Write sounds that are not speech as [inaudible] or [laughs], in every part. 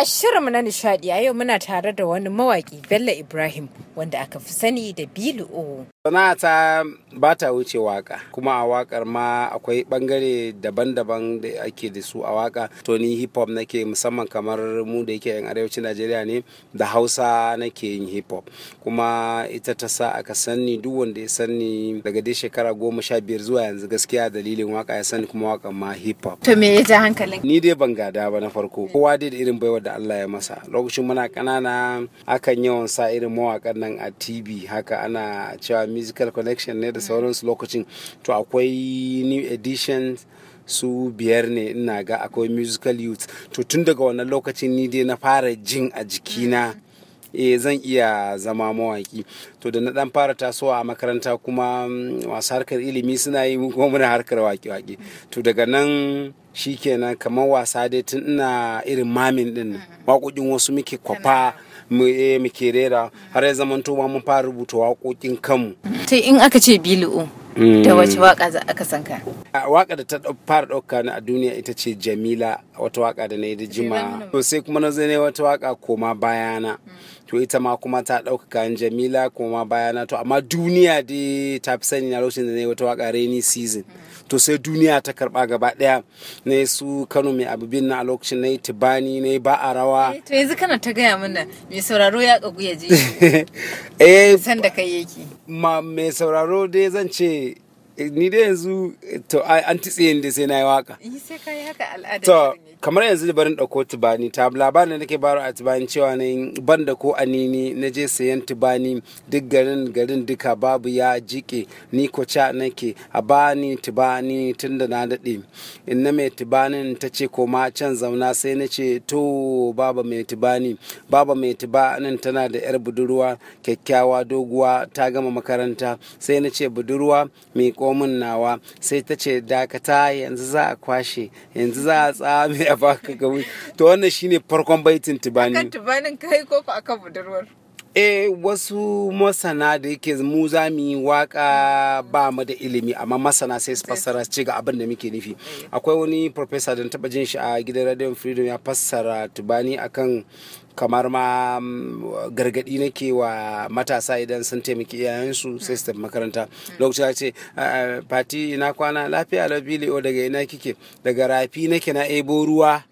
A shirinmu na nishadi a yau muna tare da wani mawaki Bello Ibrahim wanda aka fi sani da Bilu O. Sana'ata ba ta wuce waka kuma a wakar ma akwai bangare daban-daban da ake da su a waka to ni hip hop nake musamman kamar mu da yake yan arewacin Najeriya ne da Hausa nake yin hip hop kuma ita ta sa aka sani duk wanda ya sani daga dai shekara goma sha biyar zuwa yanzu gaskiya dalilin waka ya sani kuma wakan ma hip hop. To me ya ja hankalin? Ni dai ban gada ba na farko kowa dai da irin baiwa da Allah ya masa lokacin muna kanana akan yawan sa irin mawakan nan a TV haka ana cewa musical connection ne da mm. sauransu lokacin to akwai new editions su biyar ne ina ga akwai musical youth to tun daga wannan lokacin ni dai na fara jin a jikina mm. eh zan iya zama mawaki to da na dan fara tasowa a makaranta kuma mm, masu harkar ilimi suna yi kuma muna harkar waƙe-waƙe to daga nan shi kenan kamar wasa dai tun ina irin mamin din waƙoƙin wasu muke kwafa eh, muke rera har ya zamanto ma mun fara rubuta waƙoƙin kanmu to in aka ce bilu'u Mm. da wace waka za aka ka. waka da ta fara ɗauka na a duniya ita ce jamila wata waka da na yi da jima to sai kuma na zane wata waka koma bayana mm. to ita ma kuma ta ɗauka kayan jamila koma bayana to amma duniya dai ta fi sani na lokacin da na yi wata waka rainy season mm. to sai duniya ta karba gaba daya na yi su kano mai abubin na a lokacin na yi tibani na yi ba a rawa eh, to yanzu kana ta gaya mana mai sauraro ya kagu ya je [laughs] eh san da kai yake ma mai sauraro dai zan ce ni dai yanzu to an titse ni da sai na yi waka to kamar yanzu da barin dauko tubani ta labarin da nake baro a tubani cewa ne ban da ko anini na je sayan tubani duk garin garin duka babu ya jike ni ko ca nake a bani tubani tunda na dade in na mai tubanin ta ce ko ma can zauna sai na ce to baba mai tubani baba mai tubanin tana da yar budurwa kyakkyawa doguwa ta gama makaranta sai na ce budurwa mai komin nawa sai ta ce dakata yanzu za a kwashe yanzu za a tsame a baka gawi to wannan shine farkon baitin tubani e wasu masana da yake mu za mu yi waka ba mu da ilimi amma masana sai su fassara ci ga abin da muke nufi eh. akwai wani professor da taba jin shi a gidan radio freedom ya fassara tubani akan kamar ma mm, gargadi nake wa matasa idan sun taimaki iyayensu sai su tafi makaranta lokacin ya ce fati ina kwana lafiya labili o daga ina kike daga rafi nake na ebo ruwa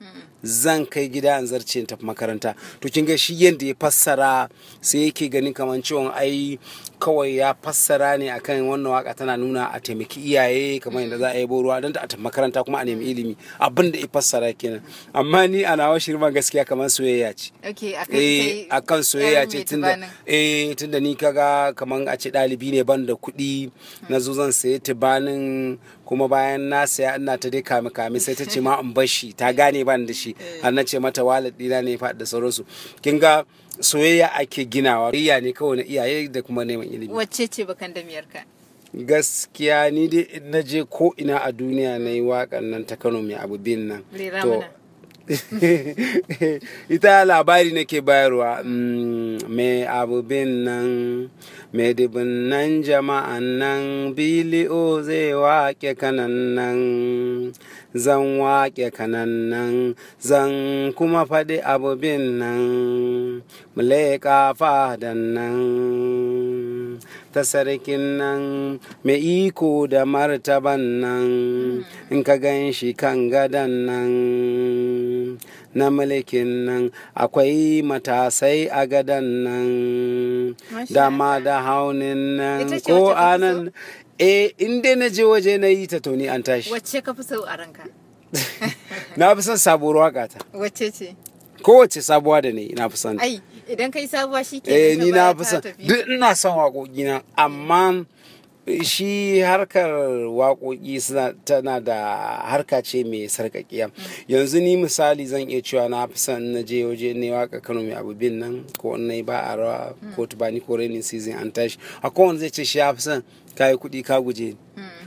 zan kai gida in zarce tafi makaranta to kin ga shi yadda ya fassara sai yake ganin kamar cewa ai kawai ya fassara ne akan wannan waka tana nuna a taimaki iyaye kamar yadda za a yi boruwa don ta tafi makaranta kuma a nemi ilimi abin da ya fassara kenan amma ni a nawa shirman gaskiya kamar soyayya ce akan eh, soyayya ce tunda eh tunda ni kaga kamar a ce ɗalibi ne ban da kuɗi na zo zan sayi tibanin kuma bayan na saya ina ta dai kame kame sai ta ce ma in bar shi ta gane ban da shi eh. har na ce mata walid dina ne faɗi da sauransu kin ga soyayya ake ginawa riya ne kawai na iyaye da kuma neman ilimi wacce ce bakan da miyarka gaskiya ni dai na je ko ina a duniya na yi waƙan nan ta kano mai abu bin nan to [laughs] ita labari nake bayarwa mai mm, abubin nan mai dubin nan jama'an nan bili'o zai wake kanan nan zan wake kanan nan zan kuma faɗi abubin nan muleka fadan nan ta sarkin nan mai iko da martaban nan in ka gan shi kan gadan nan na mulkin nan akwai matasai a gadan nan dama da haunin nan ko anan eh inda na je waje na yi ta toni an tashi wacce ka fi sau a ranka [laughs] na fi son sabuwar waka ta wacce ce kowace sabuwa da ne na fi son ai idan kai sabuwa shi ke eh ni na fi son duk ina son waƙoƙi na amma shi harkar waƙoƙi tana da harka ce mai sarƙaƙiya yanzu ni misali zan iya cewa na fi son na je waje ne waka kano mai abu bin nan ko na ba a rawa ko tubani ko rainin season an tashi a kowane zai ce shi ya fi son kayi kuɗi ka guje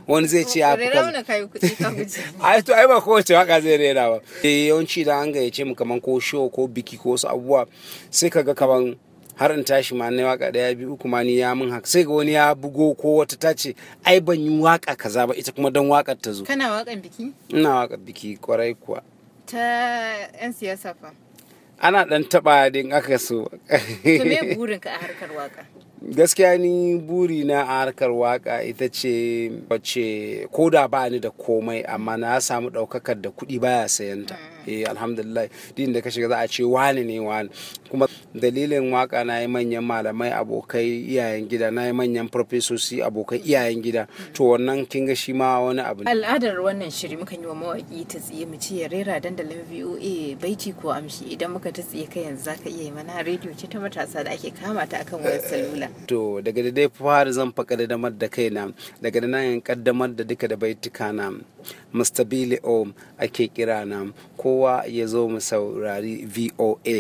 wani zai ce kan [laughs] ai to ai ba kowace waka zai rera ba eh, yawanci da an gayyace mu kaman ko show ko biki ko wasu abubuwa sai ka ga kaman har in tashi ma na waka daya biyu kuma ni ya min haka sai ga wani ya bugo ko wata ta ce ai ban yi waka kaza ba ita kuma dan wakar ta zo kana wakan biki ina waka biki kwarai kuwa ta yan siyasa fa ana dan taba din aka so to me [laughs] burinka a harkar waka gaskiya ni buri na a harkar waka ita ce wacce ko da ba ni da komai amma na samu daukakar da kuɗi baya sayan ta mm. eh alhamdulillah din da ka shiga za a ce wani ne wani kuma dalilin waka na yi manyan malamai abokai iyayen gida na yi manyan profesosi abokai iyayen gida mm. to wannan kin ga shi ma wani abu al'adar wannan shiri muka yi wa mawaki ta tsiye mu ce ya rera dandalin VOA baiti ko amshi idan muka ta tsiye kai yanzu zaka iya yi mana rediyo ce ta matasa da ake kama ta akan wayar salula to daga da dai fara zan da damar da kaina daga da nan kaddamar da duka da baituka na Mr. Billy O ake kira na kowa ya zo mu saurari VOA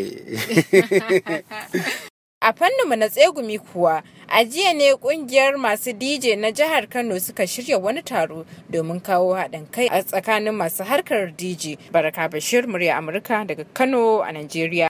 A [laughs] fanninmu na tsegumi kuwa, a jiya ne kungiyar masu DJ na jihar Kano suka shirya wani taro domin kawo haɗin kai a tsakanin masu harkar DJ. Baraka Bashir, murya Amurka daga Kano a Najeriya.